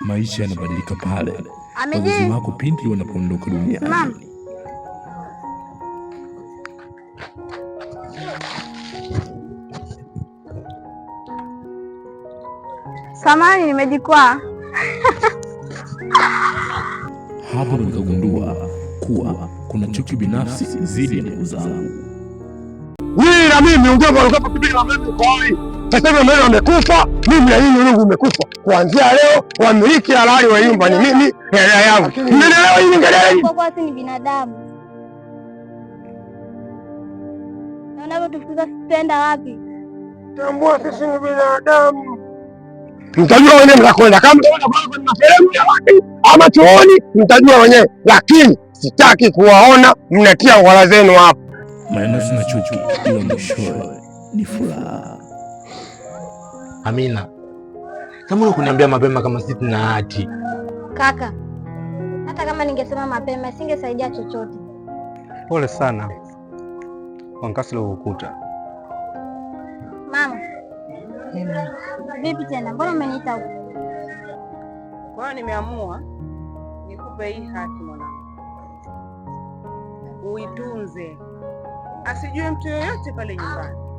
maisha yanabadilika pale wazazi wako pindi wanapoondoka duniani. Samani, nimejikwaa hapo. Nikagundua kuwa kuna chuki binafsi dhidi ya ndugu zangu. Wewe na mimi ungea kwa lugha na mimi kwa sasa, mimi amekufa mimi hii nyinyi ulingu umekufa. Kuanzia leo wamiliki halali wa nyumba ni mimi na yangu. Mnaelewa hili ngeleni? Kwa watu ni binadamu. Na unapo unavyotufukuza tutaenda wapi? Tambua sisi ni binadamu. Mtajua wenyewe mtakwenda. Kama mtaona kwa ni maferemu ya wapi ama chuoni, mtajua wenyewe, lakini sitaki kuwaona mnatia wala zenu hapa. Maana sina chuki, ila mwishowe ni furaha. Amina, kama unakuniambia mapema kama sisi tuna hati kaka. Hata kama ningesema mapema isingesaidia chochote. Pole sana wankasila ukuta. Mama vipi tena, mbona umeniita huko? Kwa hiyo nimeamua nikupe hii hati mwanangu, uitunze, asijue mtu yoyote pale nyumbani.